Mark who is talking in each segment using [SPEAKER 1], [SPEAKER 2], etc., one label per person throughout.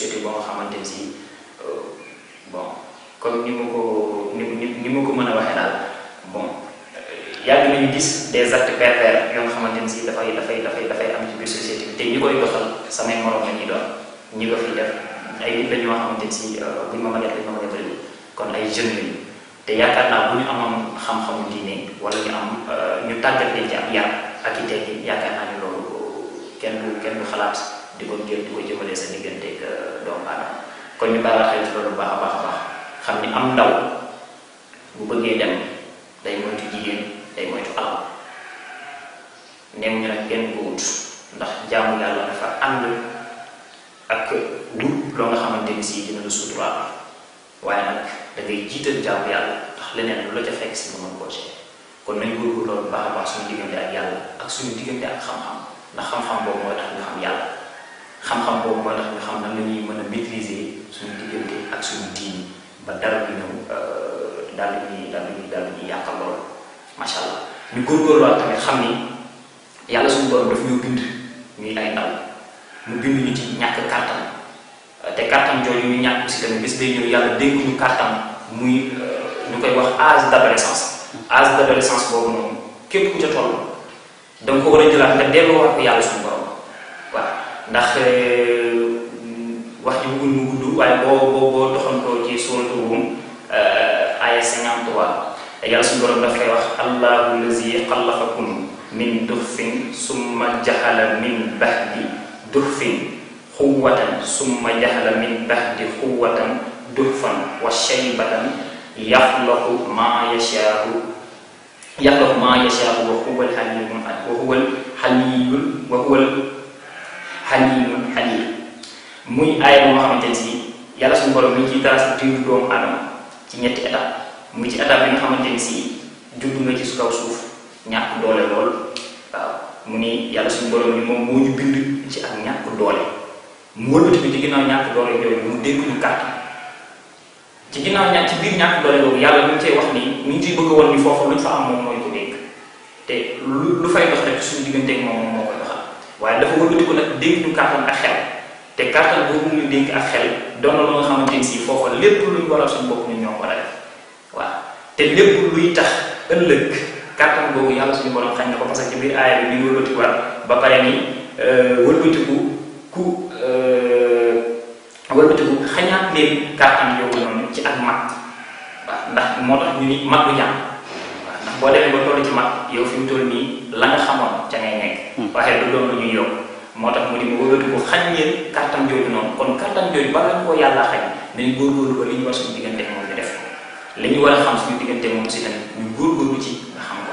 [SPEAKER 1] société bo nga xamantene ci bon comme ni mako ni mako mëna waxé dal bon yag nañu gis des actes pervers yo nga xamantene ci da fay da fay da fay da fay am ci biir société té ñi koy doxal sama morom lañuy doon ñi nga fi def ay nit lañu xamanteni ci bu ma mëna def ma bari kon ay jeune lañu té yaakar na bu ñu amam xam xamu diiné wala ñu am ñu tagal ci ak yar ak ci té yaakar na ñu loolu kenn kenn xalaat di ko kan ngir gitu di ko jëmale sa diggante ak doom aadama ko ñu bàyyi xel ci loolu baax baax baax xamni am ndaw bu bëggee dem day moytu jigéen day moytu alal neem ñu nag kenn ko wut ndax jaamu yàlla dafa ànd ak wut lo nga xamante ni si dina la sutura waaye nag da ngay jiital jaamu yàlla ndax leneen lu la ca fekk si nga mën koo cee kon nañ ko góorgóorlu loolu baax baax suñu diggante ak yàlla ak suñu diggante ak xam-xam ndax xam-xam boobu mooy tax nga xam yàlla xam-xam boobu moo tax ñu xam nan la ñuy mën a maîtriser suñu diggante ak suñu diin ba dara bi ñëw euh, daal di ñuy dal di dal daal di ñuy yàqal lool macha allah ñu góorgóorluwaat tamit xam ni yàlla suñu borom daf ñoo bind ñuy ay ndaw mu bind ñu ci ñàkk kàttan te kàttan jooju ñu ñàkk si tamit bis day ñëw yàlla dégg ñu kàttan muy euh, ñu koy wax âge d' adolescence âge d' adolescence boobu noonu képp ku ca toll da nga ko war a jëlaat nga delloo wax ko yàlla suñu borom ndax wax ji bëggul mu gudd waaye boo boo boo doxantoo ci suuratu Ruum aya 53 yàlla suñu borom daf koy wax allahu lazi xalaqakum min duxfin summa jaxala min baxdi duxfin quwwatan summa jaxala min baxdi quwwatan duxfan wa shaybatan yaxlaqu maa yashaahu yaxlaqu maa yashaahu wa huwa alxalimu wa huwa alxaliyu wa huwa halimun halim muy ay mo xamante ci yalla sun borom ni ci ciy ci dundu doomu aadama ci ñetti etap muy ci etap bi nga xamante ci si dund nga ci su kaw suuf ñak doole lol waaw ah, mu ni yalla sun borom ni moom mo ñu bind ci ak ñak doole mu wëlbati bi ci ginnaaw ñak doole yow mu dénk ñu kat ci ginaaw ñak ci bir ñak doole yow yalla mu ci wax ni mi ci bëgg won ni fofu lu fa am moom moy ko degg te lu fay dox rek suñu digënté ak moom moom waaye dafa wëlbatiku nag dénk ñu ak xel te kàttan boobu ñu dénk ak xel doon na lu nga xamante ni si foofa lépp luñ waral suñu bopp ñu ñoo ko def waaw te lépp luy tax ëllëg kàttan yàlla suñu borom xañ na ko parce que ci biir aaya bi ñu wëlbatikuwaat ba pare ni euh, wëlbatiku ku euh, wëlbatiku xañaat leen kàttan yooyu noonu ci ak mat waaw ndax moo tax ñu ni mat du ñàkk boo demee ba tollu ci mag yow fi mu toll nii la nga xamoon ca ngay nekk hmm. waaye du doon lu ñuy yokk moo tax mu di mu wëgatu ko xañ leen kàttan jooju noonu kon kàttan jooju bala ko yàlla xañ nañ góorgóorlu ko li ñu war suñu diggante moom ñu def li ñu war a xam suñu diggante moom si nag ñu góorgóorlu ci nga xam ko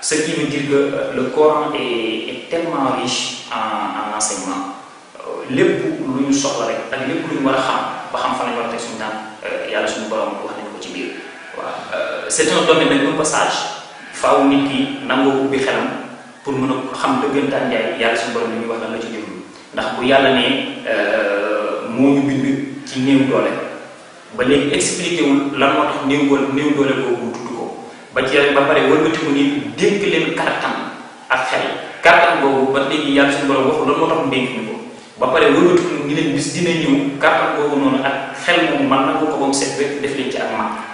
[SPEAKER 1] ce qui veut dire que euh, le Coran est, est tellement riche en, en enseignement euh, lépp lu ñu soxla rek ak lépp lu ñu war a xam ba xam fa la ñu war a teg suñu tànk euh, yàlla suñu borom wax nañ ko ci biir waaw c'est un domaine nag un passage faaw nit ki nangoo ubbi xelam pour mën a xam dëggantaan njaay yàlla suñu borom li ñuy wax lan la ci jëm ndax bu yàlla ne euh, moo ñu bind ci néew doole ba léegi expliqué lan moo tax néew ba ba pare wëlbatiku ni dénk leen kàttan ak xel kàttan boobu ba léegi yàlla suñu borom waxul lan moo tax mu dénk ñu ko ba pare wëlbatiku ni leen bis dina ñëw kàttan boobu noonu ak xel moom mën na ko ko ba mu set wécc def leen ci ak màgg.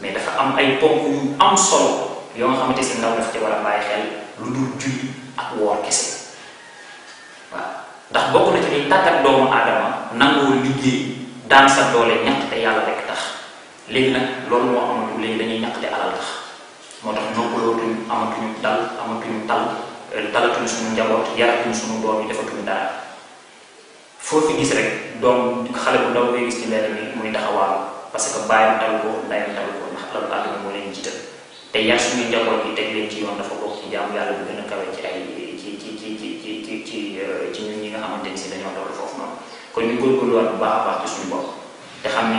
[SPEAKER 1] mais dafa am ay ponk yu am solo yo nga xamante ci ndaw dafa ci wara a xel lu dul julli ak wor kessé wa ndax bokku na ci ni tatak doomu aadama nangoo liggéey daan sa doole ñatt te yalla rek tax léegi nak loolu am lu léegi dañuy ñatt te alal tax lo tax amatu ñu dal amatuñu tal talatuñu eh, suñu njaboot ñu suñu doomu yi defatuñu dara foo fi gis rek doom xalé bu ndaw ngay gis ci mbedd mi muy taxawal parce que bàyyam dal ko ndayam dal ko doomu aadama moo leen jiital te yar suñu njaboot yi teg leen ci yoon dafa bokk ci jaamu yàlla bu gën a kawe ci ay ci ci ci ci ci ci ci euh, ci ñi nga xamante si dañoo doon foofu noonu kon ñu góorgóorluwaat bu baax a baax ci suñu bopp te xam ni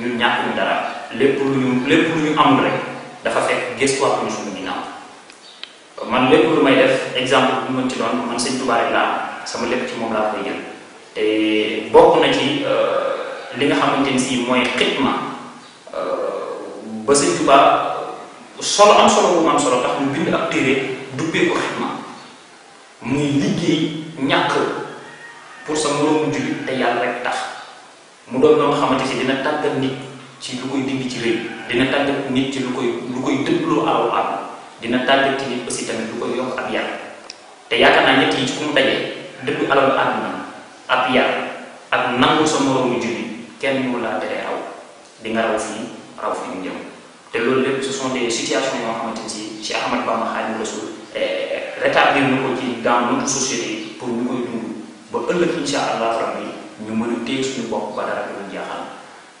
[SPEAKER 1] ñun ñàkkuñu dara lépp lu ñu lépp ñu amul rek dafa fekk gëstuwaat ñu suñu ginnaaw man lépp lu may def exemple bu mën ci doon man sëñ Tuubaa moom laa koy jël te bokk na ci euh, li nga xamante ni si mooy xitma ba sëñ tuba solo am solo bu am solo tax mu bind ab téere dubbee ko xidma muy liggéey ñak pour sa moroomu julli te yalla rek tax mu doon loo nga xamante si dina tagal nit ci lu koy dindi ci reuy dina tagal nit ci lu koy lu koy dëggloo aw am dina tagal ci nit aussi tamit lu koy yok ak yalla te yaaka na ñett yi ci kum mu dajee dëgg alalu àdduna ab yar ak nangu sa moroomu julli kenn ñu la tere aw di nga raw fi raw fi ñu jëm te loolu lépp ce sont des situations yoo xamante ni si Cheikh Ahmadou Bamba Khadimu Rasul eh, rétablir na ko ci dans notre société pour ñu koy dund ba ëllëg incha allah rabbi ñu mën a téye suñu bopp ba dara du ñu jaaxal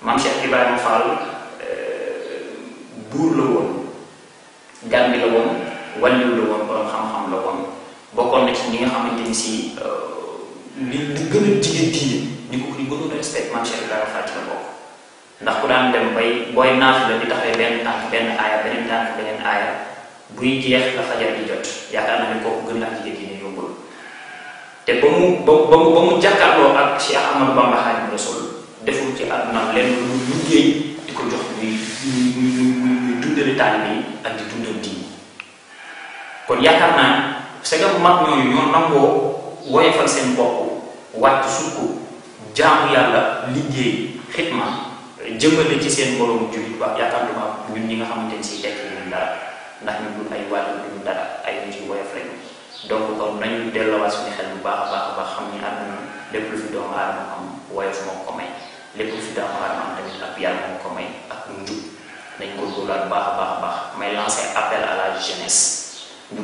[SPEAKER 1] maam Cheikh Ibrahima Fall eh, buur la woon gan bi la woon wàllu la woon borom xam-xam la woon bokkoon na ci ñi nga xamante ni si eh, li li gën a jigéen diine ñi ko ko ñu gënoon respect maam Cheikh Ibrahima Fall ci la bokk ndax ku daan dem bay boy booy la di taxee benn tànk benn aaya beneen tànk beneen aaya buy jeex la fajar di jot yaakaar naa ne ko gën laa ci jéggi ne yóbbul te ba mu ba mu ba mu jàkkaarloo ak Cheikh ahmad Bamba Xaadim Rasul deful ci àdduna len lu liggéey di ko jox ni ni muy muy muy dundali taalibe ak di dundal di kon yaakaar na sega mag ñooñu ñoo ñoo nango woyefal seen bokku wàcc sukk jaamu yalla liggéey xitma jëmale ci seen moroom jullit ba yaakaaruma ñun ñi nga xamante ni si tekk ñun dara ndax ñu dul ay wàllu duñu dara ay nit yu woyof lañu donc kon nañu delluwaat suñu bu baax a baax a baax xam ni àdduna lu fi doomu aadama ko may lépp lu fi doomu aadama ko may ak njub nañ góorgóorluwaat baax a baax a baax may lancer appel à la jeunesse ñu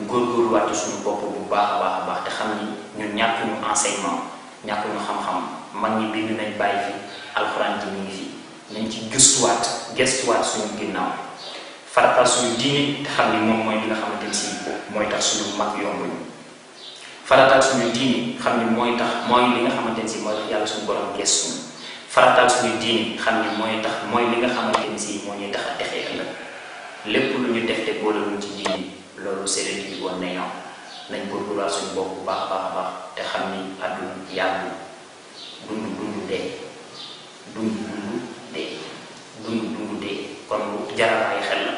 [SPEAKER 1] suñu bopp bu baax a baax a baax te xam ñi ñu enseignement ñàkk ñu xam-xam mag ñi bind nañ bàyyi fi alxuraan ji mi fi nañ ci gëstuwaat gëstuwaat suñu ginnaaw farataal suñu diine te xam ni moom mooy li nga xamante si mooy tax suñu mag yombuñu farataal suñu diine xam yàlla suñu borom gëstu farataal suñu diine xam ni mooy tax mooy li nga xamante si moo ñuy tax a texee ëllëg lépp lu ñu def te boole luñ ci diine loolu séeréer yi woon na ñoom nañ góorgóorluwaat suñu bopp baax baax baax te xam ni àdduna yàggul dund dund dee dund dund. kon lu jaral bàyyi xel la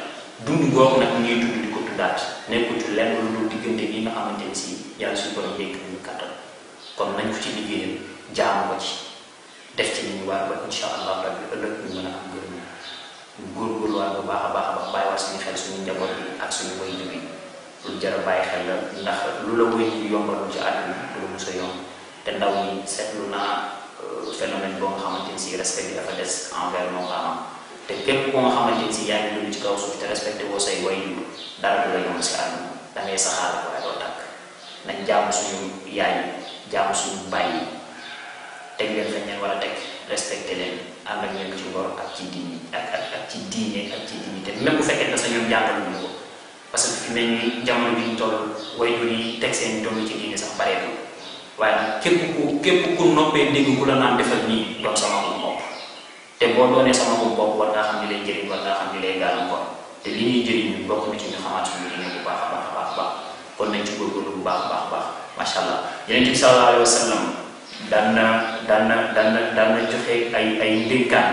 [SPEAKER 1] dund googu nag ñuy dund di ko dundaat nekkul ci lenn lu dul diggante bi nga xamante ni si yàlla suñu borom dégg nañu kàttan kon nañ ko ci liggéeyal jaamu ko ci def ci ñu war ba insha allah rabbi ëllëg ñu mën a am gërëm ñu góorgóorluwaat bu baax a baax a baax bàyyi waa suñu xel suñu njaboot bi ak suñu way bi lu jar bàyyi xel la ndax lu la wéy ñu yombalul ci àdduna du la mos a yomb ndaw ñi seetlu naa euh, phénomène boo nga xamante ni respect bi dafa des envers nos te képp ko nga xamante ni si yaa ngi dund ci kaw suuf te respecté woo say way dara du la si àdduna da ngay saxaar doo tàkk nañ jaamu suñu yaay jaamu suñu bàyyi teg leen fañ war a teg respecté leen ci ngor ci diine ci diine ak ci parce que fi mu ne bi ñu toll yi teg seen doom ci diine sax bareetul waaye nag ku képp ku noppee dégg ku la naan defal nii doon sama te boo doonee sama mu bopp war ngaa xam li lay jëriñ war ngaa xam li lay gàllankoor te li ñuy jëriñ ñu bokk ni ci ñu xamaat suñu diine bu baax a baax a baax baax kon nañ ci góorgóorlu bu baax a baax baax macha allah yeneen ci sallallahu alayhi wasallam sallam daan na daan na daan na daan na joxe ay ay ndénkaan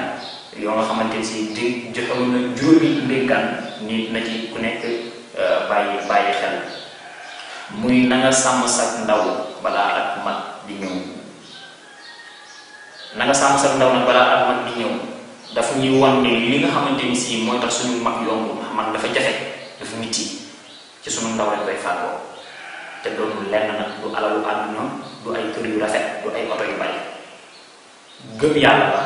[SPEAKER 1] yo nga xamanteni ci di joxewu na juróomi ndénkaan ni na ci ku nekk bàyyi bàyyi xel muy na nga sam sak ndaw bala ak mat di ñëw na nga sàmm sa ndaw na bala ak mag di ñew dafa ñuy wan ne li nga xamanteni si tax suñu mag yomb mag dafa jafe dafa miti ci suñu ndaw rek bay faago te doonul lenn nak du alalu ñom du ay kër yu rafet du ay auto yu bari gëm yàlla la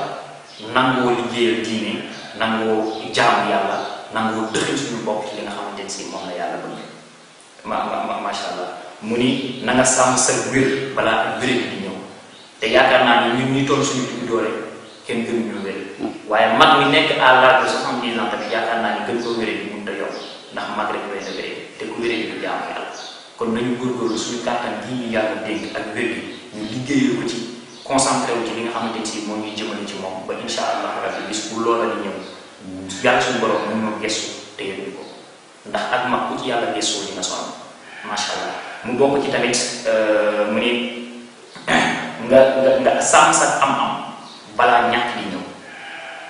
[SPEAKER 1] nangoo liggéeyal diine nangoo jaamu yàlla nangoo dëxi suñu bopp ci li nga xamanteni si la yalla bëgg ma ma ma sha allah muni na nga sam sa wir bala ak di te yaakaar naa ni ñun ñu toll suñu diggu doole kenn gënuñu wér mm. waaye mag mi nekk à l'âge de soixante-dix ans ndax mag te ku kon nañu góorgóorlu suñu kàttan gi ñu yàlla dégg ak wér gi ci concentré wu ci nga xamante ni si moo ci moom ba incha allah rabbi bis bu loola di ñëw yàlla suñu te yëngu ko ndax ak mag ku ci yàlla gestoo li nga sonn allah mu bokk ci tamit euh, mu ne nga nga nga sàmm sa am-am balaa ñàkk di ñëw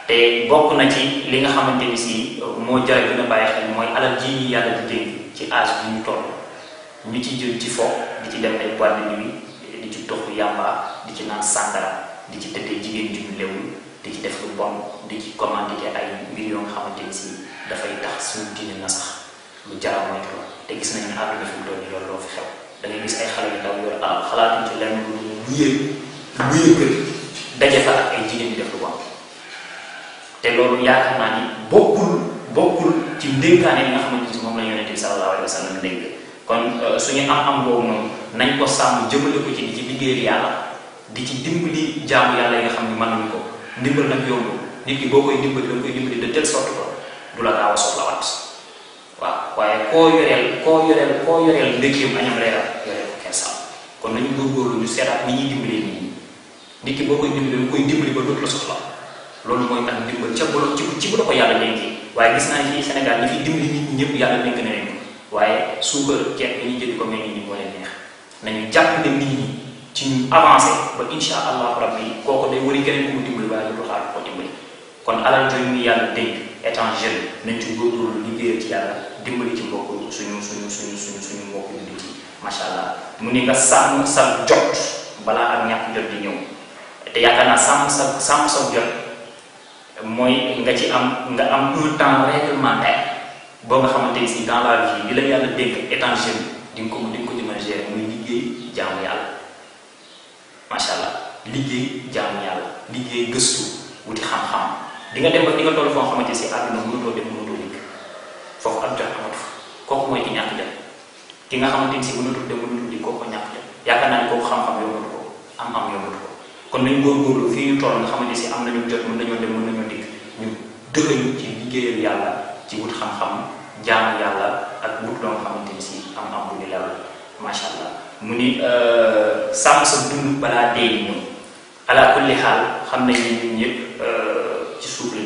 [SPEAKER 1] te bokk na ci li nga xamante ni si moo jar gën a bàyyi xel ci âge bi ñu toll ci jël ci fo ci dem ay boîte ci toxu yàmba di ci di ci tëddee jigéen ju ñu di def lu bon dafay tax suñu diine mu toll xalaatuñ ci lenn bu yëg bu yëkkati daje fa ak ay jigéen def lu bon te loolu yaakaar naa ni bokkul bokkul ci ndénkaane yi nga xamante ni moom la kon euh, suñu am nañ ko sàmm jëmale ko ci di ci di ci dimbali jaamu ne mënuñu ko ndimbal waaye koo yoreel koo yoreel koo yoreel ndékkeem añam reeral kon nañu góorgóorlu ñu seetaat ni ñuy dimbalee nit ñi nit ki boo koy dimbali mu koy dimbali ba dootu la soxla loolu mooy tax dimbal ca bu la ci bu la ko yàlla dénkee waaye gis naa ci Sénégal ñi fi dimbali nit ñi ñëpp yàlla dénk na leen ko waaye suukar ceeb bi ñu jënd ko mel ni moo leen neex nañu jàpp ne nit ñi ci ñu avancé ba insha allahu rabbi kooku day wari keneen ku mu dimbali waaye lu xaar ko dimbali kon alal jooju ñu yàlla dénk étant jeune nañ ci góorgóorlu liggéeyal ci yàlla dimbali ci mbokk suñu suñu suñu suñu suñu mbokk yu masha allah mu sam nga jot bala am ñak jot di ñew.
[SPEAKER 2] te yaakaar naa sam sam sam sa
[SPEAKER 1] jot moy nga ci am nga am tout temps réglementaire bo nga xamante ci dans la vie bi la yalla dégg étant jeune di ko di ko di ma gérer muy liggéey jaamu yalla. macha liggéey jaamu yalla. liggéey gëstu wuti xam-xam di nga dem ba di nga tollu fo foo ci aduna mu do dem mu do dikk foofu ab jot amatu kooku moy ki ñak jot ki nga xamante ni si mënatul dem mënatul di kooku ñàkk dem yaakaar naa ne kooku xam-xam yombatu ko am-am yombatu ko kon nañ góorgóorlu fii ñu toll nga xamante si am nañu jot mën nañoo dem mën nañoo dikk ñu dëgëñu ci liggéeyal yàlla ci wut xam-xam jaamu yàlla ak wut loo xamante ni si am-am bu ñu leeral macha allah mu ni euh, sàmm sa dund balaa dee ñu ala kulli xaal xam nañ ne ñun ñëpp euh, ci suuf la